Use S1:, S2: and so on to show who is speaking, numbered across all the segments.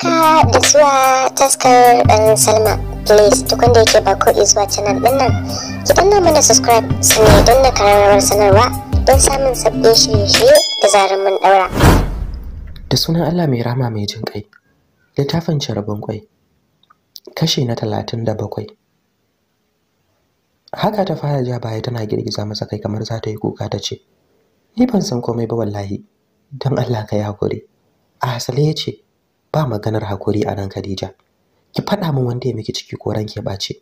S1: haka da zuwa taskar dan salma please duk wanda yake ba ko zuwa canal din nan ki danna mana subscribe su ne don na kararrawar sanarwa don samun sabbin shirye-shirye da zarar mun daura da sunan allah mai rama mai jin kai littafin carabin kwai kashi na talatin da bakwai haka ta fara ja baya tana girgiza masa kai kamar za ta yi kuka ta ce ni ban san komai ba wallahi don allah ka yi hakuri a ya ce ba maganar hakuri a nan Khadija ki faɗa min wanda ya miki ciki ko ranke bace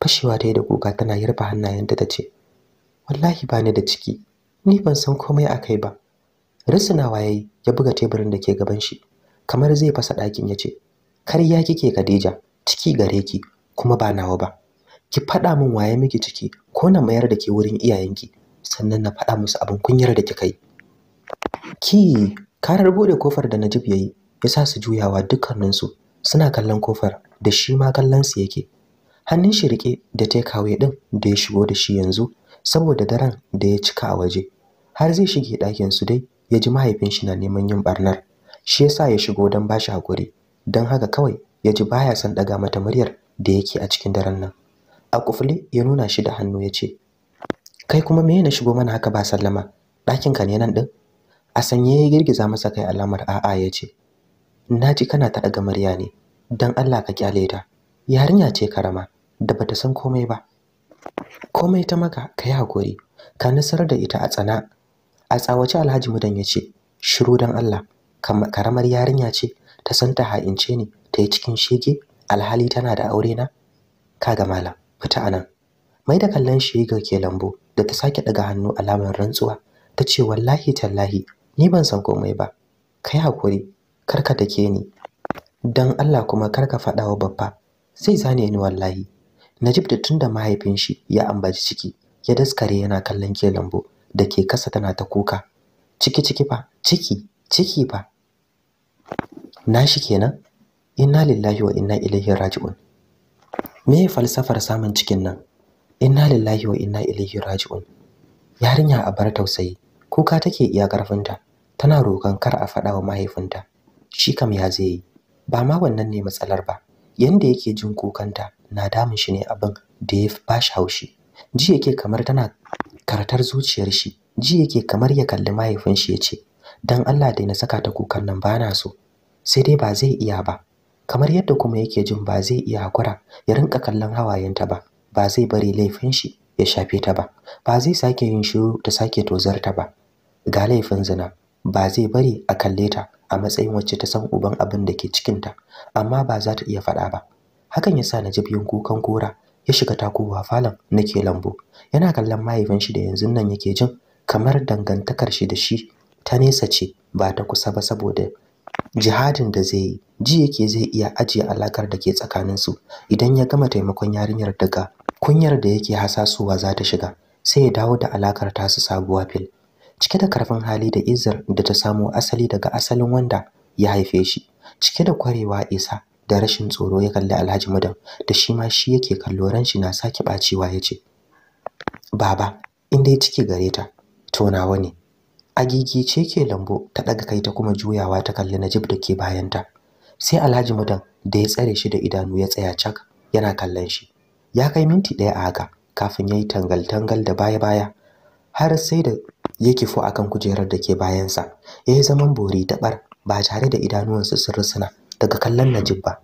S1: fashewa ta yi da kuka tana yarfa hannayenta ta ce wallahi bani da ciki ni ban san komai a kai ba risinawa ya ya buga teburin da ke gaban shi kamar zai fasa ɗakin ya ce karya kike Khadija ciki gare ki kuma ba nawa ba ki faɗa min waye miki ciki ko na mayar da ke wurin iyayenki sannan na faɗa musu abin kunyar da kika yi ki karar bude kofar da Najib yayi ya sa su juyawa dukkaninsu suna kallon kofar da shi ma kallon kallonsu yake hannun shi rike da takeaway din da ya shigo da shi yanzu saboda daren da ya cika a waje har zai shige ɗakin su dai ya ji mahaifin shi na neman yin barnar shi yasa ya shigo don ba shi hakuri don haka kawai ya ji baya son ɗaga mata muryar da yake a cikin daren nan a kufle ya nuna shi da hannu ya ce kai kuma me na shigo mana haka ba sallama ɗakin ka ne nan din? a sanye ya girgiza masa kai alamar a'a ya ce na ji kana ta daga murya ne dan Allah ka kyale ta yarinya ce karama da bata san komai ba komai ta maka kai hakuri ka nasar da ita a tsana a tsawace Alhaji Mudan ya ce shiru dan Allah karamar yarinya ce ta san ta ha'ince ne ta yi cikin shege alhali tana da aure na kaga malam fita anan mai da kallon shi ke lambu da ta sake daga hannu alamar rantsuwa ta ce wallahi tallahi ni ban san komai ba kai hakuri kar ka take ni dan Allah kuma kar ka faɗa wa babba sai zane ni wallahi Najib da tunda mahaifin shi ya ambaci ciki ya daskare yana kallon ke lambu da ke kasa tana ta kuka ciki ciki fa ciki ciki fa nashi kenan inna lillahi wa inna ilaihi raji'un me falsafar samun cikin nan inna lillahi wa inna ilaihi raji'un yarinya a bar tausayi kuka take iya karfinta tana rokan kar a faɗa wa mahaifinta shi kam ya zai yi ba ma wannan ne matsalar ba yanda yake jin kukanta na damun shi ne abin da ya ba shi haushi ji yake kamar tana karatar zuciyar shi ji yake kamar ya kalli mahaifin shi ya ce dan Allah dai na saka ta kukan nan ba na so sai dai ba zai iya ba kamar yadda kuma yake jin ba zai iya hakura ya rinka kallon hawayenta ba ba zai bari laifin shi ya shafe ta ba ba zai sake yin shiru ta sake tozarta ba ga laifin zina ba zai bari a kalle ta a matsayin wacce ta san uban abin da ke cikinta amma ba za ta iya faɗa ba hakan yasa na ji biyun kukan kora ya shiga takowa falon nake lambu yana kallon mahaifin shi da yanzu nan yake jin kamar dangantakar shi da shi ta nesa ce ba ta kusa ba saboda jihadin da zai yi ji yake zai iya ajiye alakar da ke tsakaninsu idan ya gama taimakon yarinyar daga kunyar da yake hasasowa za ta shiga sai ya dawo da alakar tasu sabuwa fil cike da karfin hali da izar da ta samo asali daga asalin wanda ya haife shi cike da kwarewa isa da rashin tsoro ya kalli Alhaji Mudan, da shi ma shi yake kallo ran shi na sake bacewa ce. Baba in dai ciki gare ta to wani. Agigi ce ke lambo ta daga kai ta kuma juyawa ta kalli Najib da ke bayanta sai Alhaji Mudan da ya tsare shi da idanu ya tsaya cak yana kallon shi ya kai minti daya a haka kafin yayi tangal tangal da baya baya har sai da ya kifo akan kujerar da ke bayansa ya yi zaman bori daɓar ba tare da su sun rusuna daga kallon najib ba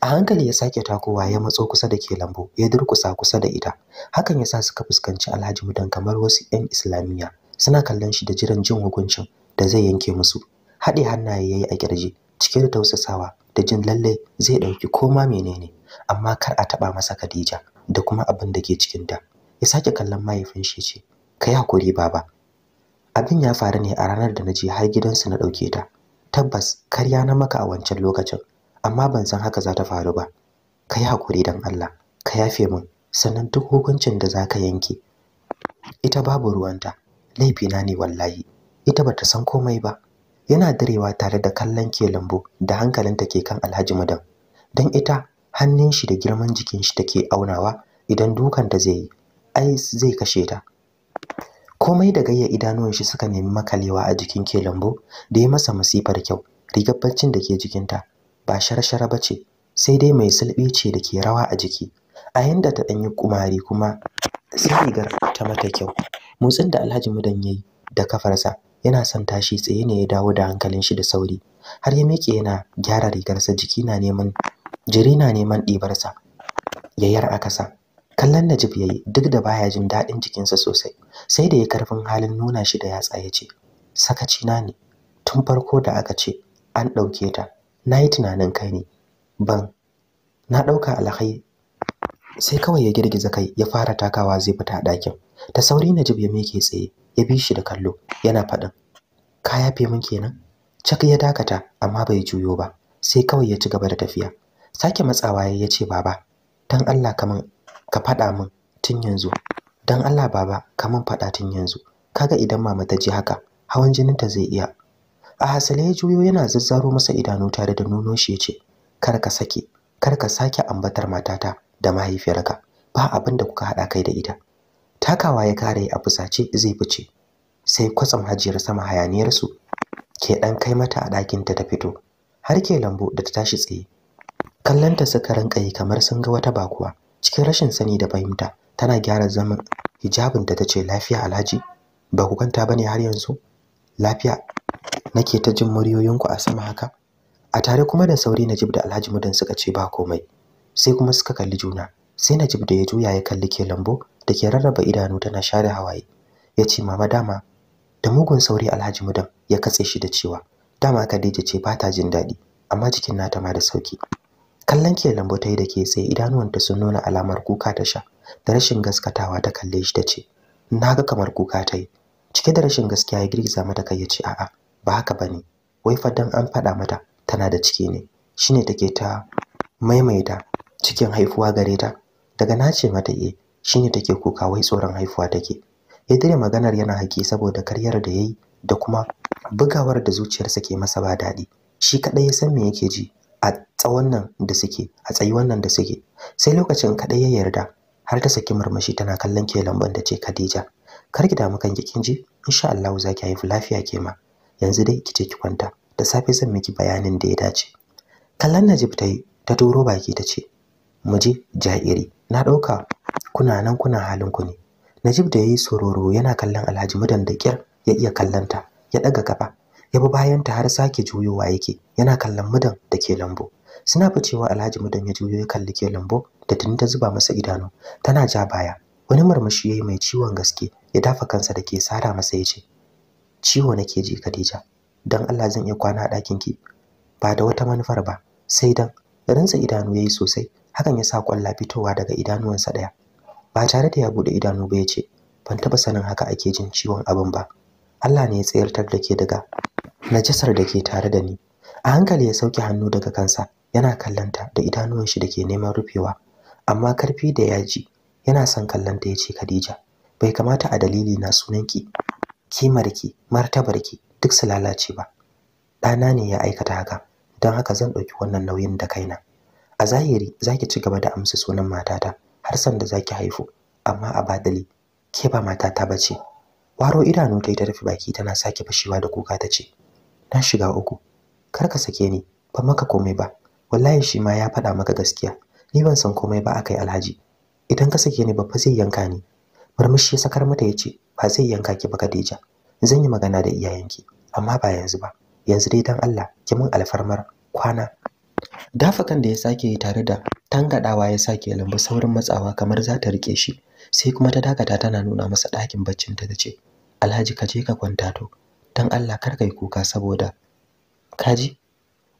S1: a hankali ya sake takowa ya matso kusa da ke lambu ya durkusa kusa da ita hakan ya sa suka fuskanci alhaji mudan kamar wasu 'yan islamiyya suna kallon shi da jiran jin hukuncin da zai yanke musu haɗe hannaye yayi a ƙirji cike da tausasawa da jin lallai zai ɗauki koma menene amma kar a taɓa masa Khadija da kuma abin da ke cikinta ya sake kallon mahaifin shi ce kai hakuri baba abin ya faru ne a ranar da na je har gidansu na ɗauke ta tabbas karya na maka a wancan lokacin amma ban san haka za ta faru ba kai hakuri dan Allah ka yafe mun sannan duk hukuncin da zaka yanke ita babu ruwanta na ne wallahi ita bata san komai ba yana darewa tare da kallon ke lambu da hankalinta ke kan Alhaji Madan dan ita hannun shi da girman jikin shi take aunawa idan dukan ta zai yi ai zai kashe ta komai da gayya idanuwan shi suka nemi makalewa a jikin ke lambo da ya masa masifar kyau rigar da ke jikinta ba sharshara ba ce sai dai mai sulɓi ce da ke rawa a jiki a yanda ta ɗanyi kumari kuma sai rigar ta mata kyau motsin da alhaji mudan ya yi da kafarsa yana son tashi tsaye ne ya dawo da hankalin shi da sauri har ya miƙe yana gyara rigarsa jiki na neman jiri na neman ɗibarsa yayar kallon najib ya yi duk da baya jin daɗin jikinsa sosai sai da ya karfin halin nuna shi da yatsa ya ce sakaci na ne tun farko da aka ce an ɗauke ta na yi tunanin kai ne ban na ɗauka alhai sai kawai ya girgiza kai ya fara takawa zai fita a ɗakin ta sauri najib ya meke tsaye ya bi shi da kallo yana faɗin ka yafe min kenan cak ya dakata amma bai juyo ba sai kawai ya ci gaba da tafiya sake matsawa ya ce baba dan Allah kaman ka faɗa min tun yanzu Don Allah baba ka min faɗa tun yanzu kaga idan mama ta ji haka hawan jinin ta zai iya a hasale ya juyo yana zazzaro masa idanu tare da nono shi yace kar ka sake kar ka sake ambatar matata da mahaifiyarka ba abin da kuka haɗa kai da ita takawa ya kare a fusace zai fice sai kwatsam hajiyar sama hayaniyarsu ke ɗan kai mata a ɗakinta ta fito har ke lambu da ta tashi tsaye kallanta suka rinka yi kamar sun ga wata bakuwa cikin rashin sani da fahimta tana gyara zaman hijabin da ce lafiya Alhaji ba ku kwanta ne har yanzu lafiya nake ta jin muryoyinku a sama haka a tare kuma da sauri Najib da Alhaji Mudan suka ce ba komai sai kuma suka kalli juna sai Najib da ya juya ya kalli ke lambo da ke rarraba idanu tana share hawaye ya ce mama dama da mugun sauri Alhaji Mudan ya katse shi da cewa dama Khadija ce ba ta jin daɗi amma jikin nata ma da sauki kallon ke lambu ta yi da ke tsaye idanuwanta sun nuna alamar kuka ta sha da rashin gaskatawa ta kalle shi ta ce na ga kamar kuka ta yi cike da rashin gaskiya ya girgiza mata kai ya ce a'a ba haka ba ne, wai fadan an faɗa mata tana da ciki ne shine take ta maimaita cikin haifuwa gare ta daga na ce mata eh shine take kuka wai tsoron haifuwa take ya dire maganar yana haki saboda karyar da yayi da kuma bugawar da zuciyarsa ke masa ba daɗi shi kaɗai ya san me yake ji a tsawon nan da suke a tsayi wannan da suke sai lokacin kaɗai ya yarda har ta saki marmashi tana kallon ke lamban da ce Khadija kar ki damu kan kin ji insha Allah za ki haifi lafiya ke ma yanzu dai ki ce ki kwanta da safe zan miki bayanin da ya dace kallon Najib ta yi ta turo baki ta ce mu je ja'iri na ɗauka kuna nan kuna halin ku ne Najib da yayi sororo yana kallon Alhaji mudan da kyar ya iya kallanta ya daga gaba ya bi bayanta har sake juyowa yake yana kallon mudan da ke lambu suna ficewa alhaji mudan ya juyo ya kalli ke lambu da tuni ta zuba masa idanu tana ja baya wani marmashi yi mai ciwon gaske ya dafa kansa da ke sara masa ya ce ciwo nake ji Khadija Don Allah zan iya kwana a ɗakin ki ba da wata manufar ba sai dan rinsa idanu ya yi sosai hakan ya sa kwalla fitowa daga idanuwansa daya ba tare da ya bude idanu ba ya ce ban taɓa sanin haka ake jin ciwon abin ba Allah ne ya tsayartar da ke daga najasar da ke tare da ni a hankali ya sauke hannu daga kansa yana kallanta da idanuwan shi da ke neman rufewa amma karfi da yaji yana son kallanta ya ce Khadija bai kamata a dalili na sunan Ki kimarki martabarki duk su lalace ba ɗana ne ya aikata haka don haka zan ɗauki wannan nauyin da kaina a zahiri zaki ci gaba da amsa sunan matata har san da zaki haifu amma a badali ke ba matata bace waro idanu ta yi ta rufe baki tana sake fashewa da kuka ta ce na shiga uku kar ka sake ni ba maka komai ba wallahi shi ma ya faɗa maka gaskiya ni ban san komai ba akai alhaji idan ka sake ni babba zai yanka ni murmushi ya sakar mata ya ce ba zai yanka ki ba Khadija zan yi magana da iyayenki amma ba yanzu ba yanzu dai dan Allah ki mun alfarmar kwana dafakan da ya sake yi tare da tangadawa ya sake lambu saurin matsawa kamar za ta rike shi sai kuma ta dakata tana nuna masa ɗakin baccin ta ce, Alhaji ka je ka kwanta to dan Allah kar kai kuka saboda kaji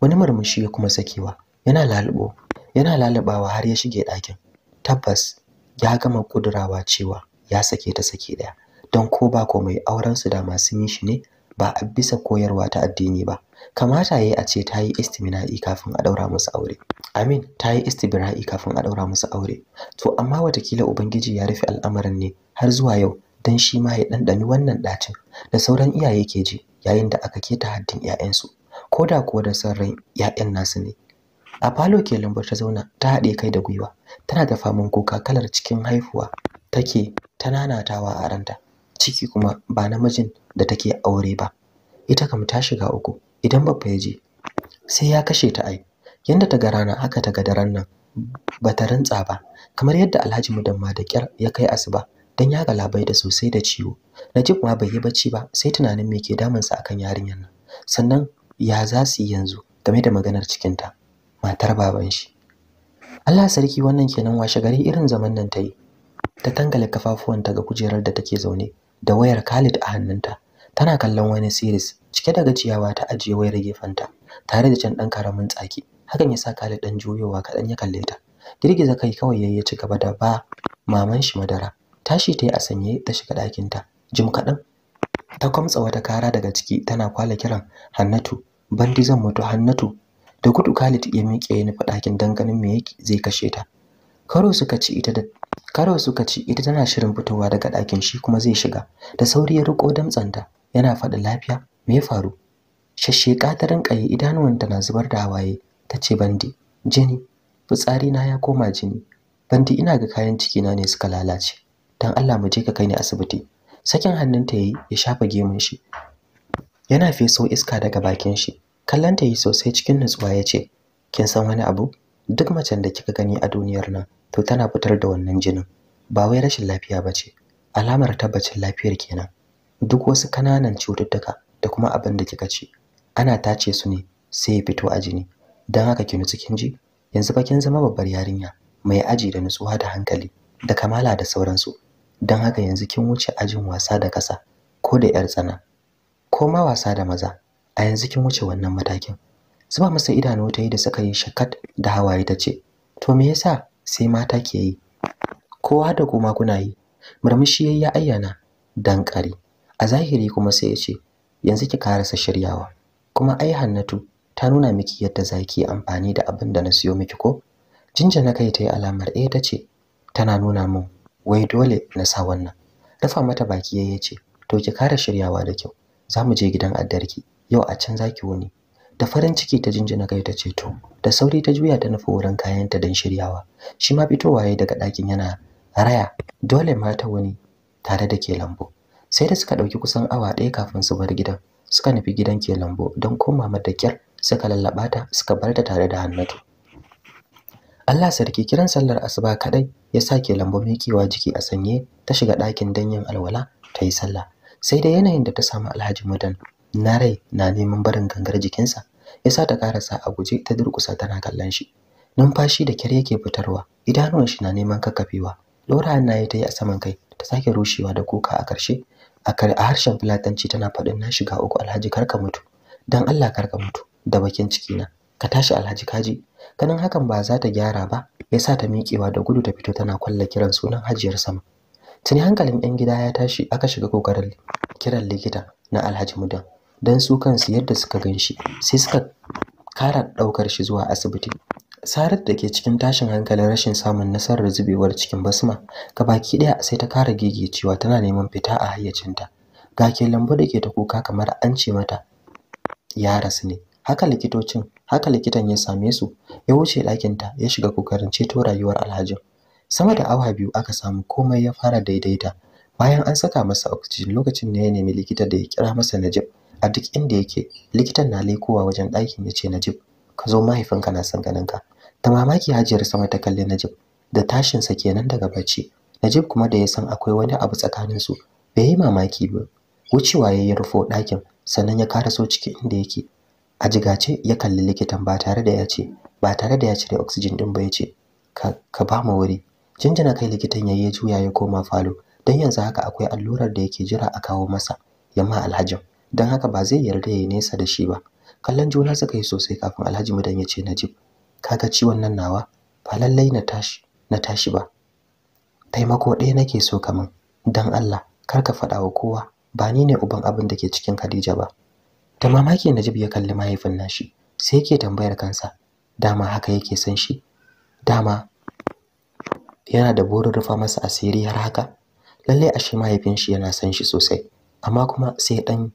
S1: wani murmushi ya kuma sakewa yana lalubo yana lalubawa har ya shige ɗakin tabbas ya gama kudurawa cewa ya sake ta sake daya don ko ba komai auren su da masu yi shi ne ba a bisa koyarwa ta addini ba kamata yayi a ce ta yi istimina'i kafin a daura musu aure amin ta yi istibra'i kafin a daura musu aure to amma watakila ubangiji ya rufe al'amarin ne har zuwa yau don shi ma ya ɗanɗani wannan ɗacin da sauran iyaye ke ji yayin da aka keta haddin 'ya'yansu ko da kuwa da son rai 'ya'yan nasu ne a falo ke lambar ta zauna ta haɗe kai da gwiwa tana da faman kuka kalar cikin haihuwa take ta nanatawa a ranta ciki kuma ba namijin da take aure ba ita kam ta shiga uku idan babba ya je sai ya kashe ta ai yanda ta ga rana haka ta ga daren nan bata ta rantsa ba kamar yadda Alhaji Mudamma da kyar ya kai asuba dan ya da sosai da ciwo Najib ma bai yi bacci ba sai tunanin me ke damun damunsa akan yarinyar nan sannan ya za su yi yanzu game da maganar cikin ta matar baban shi Allah sarki wannan kenan washe gari irin zaman nan ta yi ta tangale kafafuwanta ga kujerar da take zaune da wayar Khalid a hannunta tana kallon wani series cike da gajiyawa ta ajiye wayar ta. tare da can dan karamin tsaki hakan yasa Khalid dan juyowa kadan ya kalle ta girgiza kai kawai yayi ya ci gaba da ba maman shi madara tashi ta yi a sanye ta shiga ɗakinta jim kaɗan ta kwamtsa wata kara daga ciki tana kwala kiran hannatu bandi zan mutu hannatu da gudu Khalid ya miƙe ya nufi ɗakin don ganin me yake zai kashe ta karo suka ci ita da karo suka ci ita tana shirin fitowa daga ɗakin shi kuma zai shiga da sauri ya riko damtsanta yana faɗi lafiya me ya faru shashe katarin ƙaye idanuwanta na zubar da hawaye ta ce bandi jini fitsari na ya koma jini bandi ina ga kayan ciki na ne suka lalace dan Allah mu je ka kai ni asibiti sakin hannunta yayi ya shafa gemun shi yana feso iska daga bakin shi kallanta yi sosai cikin nutsuwa ya ce kin san wani abu duk macen da kika gani a duniyar nan to tana fitar da wannan jinin ba wai rashin lafiya bace alamar tabbacin lafiyar kenan duk wasu kananan cututtuka da kuma abin da kika ci ana tace su ne sai ya fito a jini dan haka ki nutsu kin ji yanzu fa kin zama babbar yarinya mai aji da nutsuwa da hankali da kamala da sauransu don haka yanzu kin wuce ajin wasa da kasa ko da yar tsana ko ma wasa da maza a yanzu kin wuce wannan matakin zuba masa idanu ta yi da suka yi shakat da hawaye ta ce to me yasa sai mata ke yi kowa da kuma kuna yi murmushi yayya ya ayyana dan kare a zahiri kuma sai ya ce yanzu ki karasa shiryawa kuma ai Hannatu ta nuna miki yadda zaki amfani da abin da na siyo miki ko jinja na kai ta yi alamar eh ta ce tana nuna mun. wai dole na sa wannan Rafa mata baki yayi ce to ki kare shiryawa da kyau zamu je gidan addarki yau a can zaki wuni da farin ciki ta jinjina kai ta ce to da sauri ta juya ta nufi wurin kayanta don shiryawa shi ma fitowa yayi daga ɗakin yana raya dole mata wuni tare da ke lambu sai da suka ɗauki kusan awa ɗaya kafin su bar gidan suka nufi gidan ke lambu don koma mata kyar suka lallaɓa suka bar ta tare da hannatu Allah sarki kiran sallar asuba kaɗai. ya sake kiwa jiki a sanye ta shiga ɗakin danyen alwala ta yi sallah sai dai yanayin da ta samu alhaji madan na rai na neman barin gangar jikinsa ya sa ta karasa a guje ta durƙusa tana kallon shi numfashi da kyar yake fitarwa idanuwan shi na neman kakkafewa Laura hannaye ta yi a saman kai ta sake rushewa da kuka a ƙarshe a harshen fulatanci tana faɗin na shiga uku alhaji karka mutu dan Allah karka mutu da bakin cikina, ka tashi alhaji kaji ganin hakan ba za ta gyara ba ya sa ta miƙewa da gudu ta fito tana kwalla kiran sunan hajiyar sama tuni hankalin 'yan gida ya tashi aka shiga kokarin kiran likita na alhaji mudan don su kansu yadda suka gan shi sai suka kara ɗaukar shi zuwa asibiti sarar da ke cikin tashin hankalin rashin samun nasarar zubewar cikin basma ka baki ɗaya sai ta kara cewa tana neman fita a hayyacinta ga ke lambu da ke ta kuka kamar an ce mata ya rasu ne haka likitocin haka likitan ya same su ya wuce ɗakin ta ya shiga kokarin ceto rayuwar alhajin sama da awa biyu aka samu komai ya fara daidaita bayan an saka masa oxygen lokacin ne ya nemi likita da ya kira masa najib a duk inda yake likitan na lekowa wajen ɗakin ya ce najib ka zo mahaifinka na son ka ta mamaki hajiyar sama ta kalli najib da tashin sa kenan daga bacci najib kuma da ya san akwai wani abu tsakanin su bai yi mamaki ba wucewa ya yi rufo ɗakin sannan ya karaso ciki inda yake a jigace ya kalli likitan ba tare da ya ce ba tare da ya cire oxygen din ba ya ce ka ba mu wuri jinjina kai likitan yayi ya juya ya koma falo dan yanzu haka akwai allurar da yake jira a kawo masa yamma alhaji dan haka ba zai yarda ya nesa da shi ba kallon juna suka yi sosai kafin alhaji mudan ya ce najib kaga ciwon nan nawa ba lallai na tashi na tashi ba taimako ɗaya nake so kaman dan Allah kar ka faɗa wa kowa ba ni ne uban abin da ke cikin Khadija ba da mamaki najib ya kalli mahaifin nashi sai yake tambayar kansa dama haka yake san shi dama yana da burin rufa masa asiri har haka lalle ashe mahaifin shi yana san shi sosai amma kuma sai dan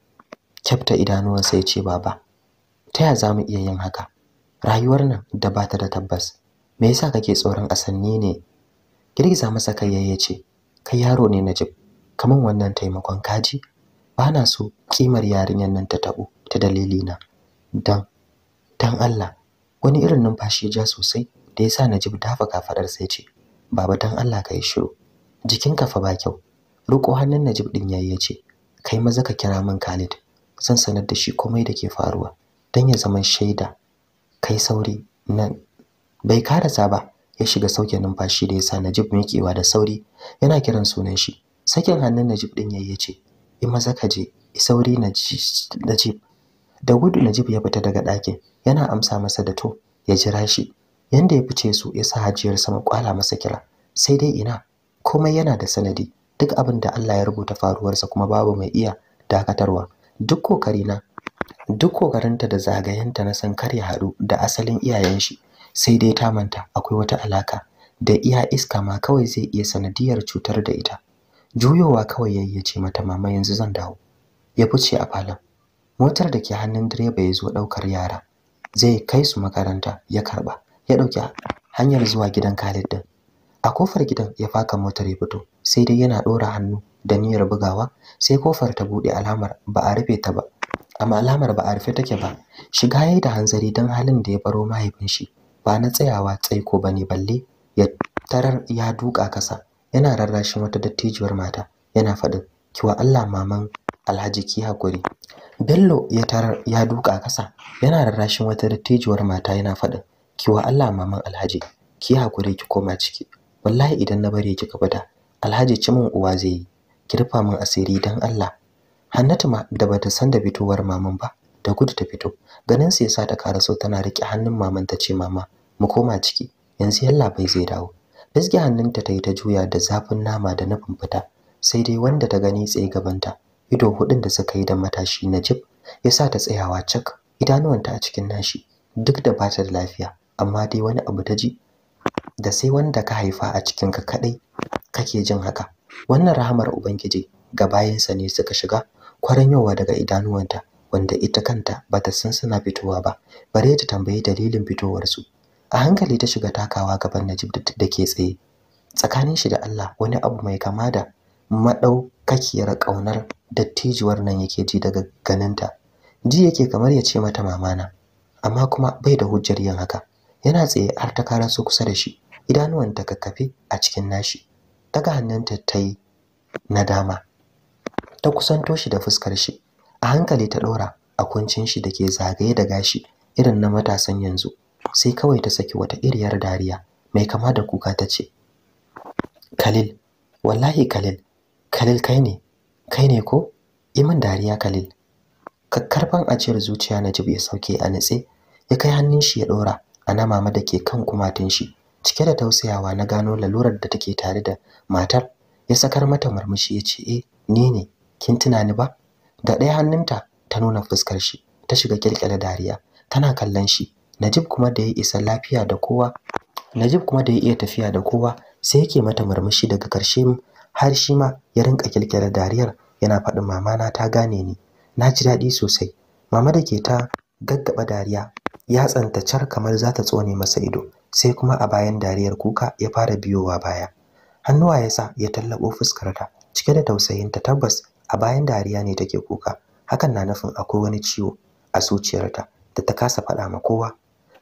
S1: kyafta idanuwan sai ce baba ta ya zamu iya yin haka rayuwar nan da ba ta da tabbas me yasa kake tsoron asanni ne girgiza masa kai ce. kai yaro ne najib kaman wannan taimakon kaji bana so kimar yarinyar nan ta tabo ta dalili na dan dan Allah wani irin numfashi ja sosai da yasa Najib dafa kafadar sai ce baba dan Allah kai shiru ka fa ba kyau riko hannun Najib din yayi yace kai maza ka kira min Khalid zan sanar da shi komai da ke faruwa dan ya zama shaida kai sauri nan bai karasa ba ya shiga sauke numfashi da yasa Najib mikewa da sauri yana kiran sunan shi sakin hannun Najib din yayi yace in maza ka je sauri najib da gudu najib ya fita daga ɗakin yana amsa masa da to ya jira shi yanda ya fice su ya sa hajiyar sama kwala masa kira sai dai ina komai yana da sanadi duk abin da Allah ya rubuta faruwarsa kuma babu mai iya dakatarwa duk kokarina duk kokarinta da zagayenta na san kar ya haɗu da asalin iyayen shi sai dai ta manta akwai wata alaka da iya iska ma kawai zai iya sanadiyar cutar da ita juyowa kawai yayi ya ce mata mama yanzu zan dawo ya fice a falon motar da ke hannun direba ya zo ɗaukar yara zai kai su makaranta ya karba ya ɗauki hanyar zuwa gidan Khalid din a kofar gidan ya faka motar ya fito sai dai yana ɗora hannu da niyyar bugawa sai kofar ta buɗe alamar ba a rufe ta ba amma alamar ba a rufe take ba shiga yayi da hanzari don halin da ya baro mahaifin shi ba na tsayawa tsaiko bane balle ya tarar ya duka kasa yana rarrashin wata dattijuwar mata yana faɗin kiwa Allah maman Alhaji ki hakuri Bello ya tarar ya duka kasa yana rarrashin wata dattijuwar mata yana faɗin kiwa Allah maman Alhaji ki hakuri ki koma ciki wallahi idan na bare ki fita Alhaji cimin uwa zai yi ki rufa min asiri dan Allah Hannatu ma da bata san da fitowar maman ba da gudu ta fito ganin sa yasa ta karaso tana rike hannun maman ta ce mama mu koma ciki yanzu yalla bai zai dawo gaske hannunta ta yi ta juya da zafin nama da nufin fita, sai dai wanda ta gani tsaye gabanta, ido hudun da suka yi da matashi na Najib ya sa ta tsayawa cak, idanuwanta a cikin nashi, duk da bata da lafiya, amma dai wani abu ta ji da sai wanda ka haifa a cikin ka kaɗai kake jin haka. Wannan rahamar Ubangiji ga bayansa ne suka shiga kwaranyowa daga idanuwanta wanda ita kanta bata san suna fitowa ba, bare ta tambayi dalilin fitowarsu. a hankali ta shiga takawa gaban Najib da ke tsaye tsakanin shi da Allah wani abu mai kama da madaukakiyar kaunar dattijuwar nan yake ji daga ganinta ji yake kamar ya ce mata mamana amma kuma bai da hujjar yin haka yana tsaye har ta karaso kusa da shi idanuwan ta kakkafe a cikin nashi daga hannunta ta yi nadama ta kusanto shi da fuskar shi a hankali ta ɗora a kuncin shi da ke zagaye da gashi irin na matasan yanzu sai kawai ta saki wata iriyar dariya mai kama da kuka ta ce Kalil! wallahi Kalil! Kalil kai ne kai ne ko imin dariya Khalil kakkarfan ajiyar zuciya na jibi ya sauke a nitse, ya kai hannun shi ya dora ana mama da ke kan kumatun shi cike da tausayawa na gano lalurar da take tare da matar ya sakar mata murmushi ya ce eh ni ne kin tunani ba da ɗaya hannunta ta nuna fuskar shi ta shiga kirkire dariya tana kallon shi Najib kuma da ya isa lafiya da kowa Najib kuma da ya iya tafiya da kowa sai yake mata murmushi daga karshe har shi ma ya rinka kirkira dariyar yana faɗin mama na ta gane ni na ji daɗi sosai mama da ke ta gaggaba dariya ya tsanta car kamar za ta tsone masa ido sai kuma a bayan dariyar kuka ya fara biyowa baya hannuwa ya sa ya tallabo fuskarta cike da tausayinta tabbas a bayan dariya ne take kuka hakan na nufin akwai wani ciwo a zuciyarta da ta kasa faɗa ma kowa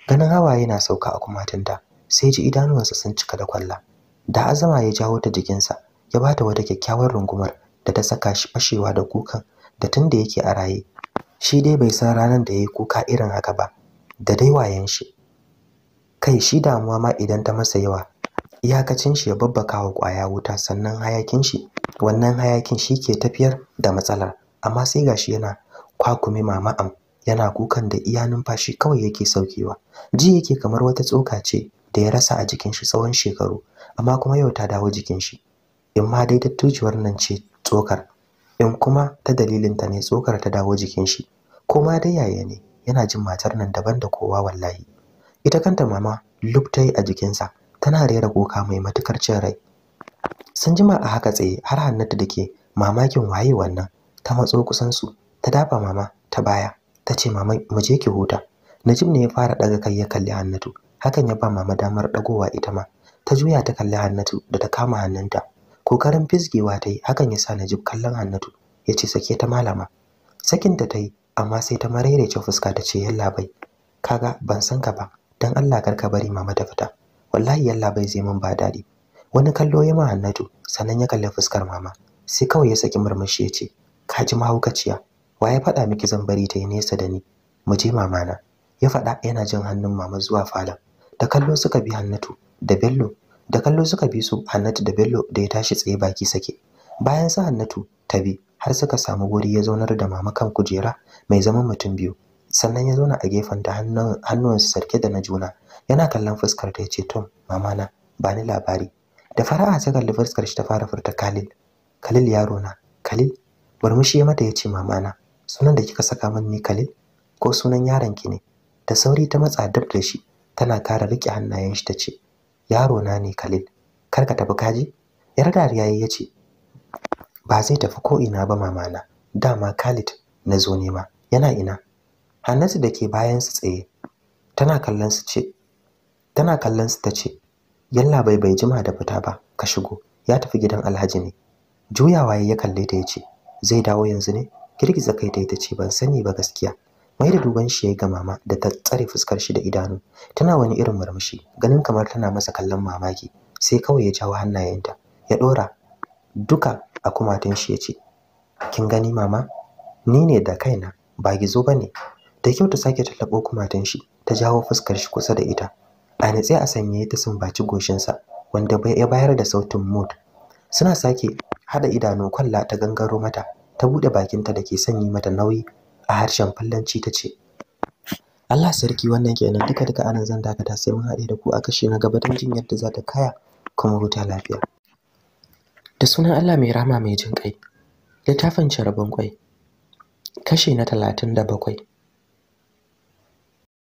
S1: ganin hawaye na sauka a kumatinta sai ji idanuwansa sun cika da kwalla da azama ya jawo ta jikinsa ya bata wata kyakkyawar rungumar da ta saka shi fashewa da kukan da tunda yake a raye shi dai bai san ranar da yayi kuka irin haka ba da dai wayen shi kai shi damuwa ma idan ta masa yawa iyakacin shi ya babbaka wa kwaya wuta sannan hayakin shi wannan hayakin shi ke tafiyar da matsalar amma sai gashi yana kwakumi mama am yana kukan da iya numfashi kawai yake saukewa ji yake kamar wata tsoka ce da ya rasa a jikin shi tsawon shekaru amma kuma yau ta dawo jikin shi in ma dai dattijuwar nan ce tsokar in kuma ta dalilinta ne tsokar ta dawo jikin shi ko ma dai yaya ne yana jin matar nan daban da kowa wallahi ita kanta mama lubtai a jikinsa tana rera kuka mai matukar cin rai sun jima a haka tsaye har hannatu da ke mamakin waye wannan ta matso kusan su ta dafa mama ta baya ta ce mama mu je ki huta Najib ne ya fara daga kai ya kalli Hannatu hakan ya ba mama damar dagowa ita ma ta juya ta kalli Hannatu da ta kama hannunta kokarin fisgewa ta yi hakan ya sa Najib kallon Hannatu ya ce sake ta malama sakinta ta yi amma sai ta maraice fuska ta ce yalla bai kaga ban san ka ba dan Allah kar ka bari mama ta fita wallahi yalla bai zai min ba dadi wani kallo ya ma Hannatu sannan ya kalli fuskar mama sai kawai ya saki murmushi ya ce ka ji mahaukaciya wa ya faɗa miki zan bari ta yi nesa da ni mu je mama ya faɗa yana jin hannun mama zuwa falon da kallo suka bi hannatu da bello da kallo suka bi su hannatu da bello da ya tashi tsaye baki sake bayan sa hannatu ta bi har suka samu wuri ya zaunar da mama kan kujera mai zaman mutum biyu sannan ya zauna a gefen ta hannuwansu sarke da na juna yana kallon fuskar ta ya ce tom mama na ba ni labari da fara'a ta kalli fuskar shi ta fara furta Kalil, khalil yaro na Kalil! murmushi mata ya ce Mamana. sunan da kika saka min ne Khalil ko sunan yaron ki ne da sauri ta matsa dab da shi tana kara rike hannayen shi tace yaro na ne Khalil kar ka tafi kaji yar dariya yayi yace ba zai tafi ko ina ba mama na dama Khalid na zo nema yana ina Hannatu da ke bayan su tsaye tana kallon su ce tana kallon su tace yalla bai bai jima da fita ba ka shigo ya tafi gidan Alhaji ne juyawa ya kalle ta yace zai dawo yanzu ne girgiza kai ta ita ce ban sani ba gaskiya mai da duban shi yayi ga mama da ta tsare fuskar shi da idanu tana wani irin murmushi ganin kamar tana masa kallon mamaki sai kawai ya jawo hannayenta ya dora duka a kumatun shi ya ce kin gani mama ni ne da kaina ba gizo ba ne. da kyau ta sake tallabo kumatun shi ta jawo fuskar shi kusa da ita a nitse a sanye ta sumbaci goshinsa wanda ya bayar da sautin mut suna sake hada idanu kwalla ta gangaro mata ta buɗe bakinta da ke sanyi mata nauyi a harshen fallanci ta ce Allah sarki wannan kenan duka duka anan zan dakata sai mun haɗe da ku a kashe na gaba don jin yadda za ta kaya kuma huta lafiya da sunan Allah mai rahama mai jin kai littafin carabin kwai Kashe na talatin da bakwai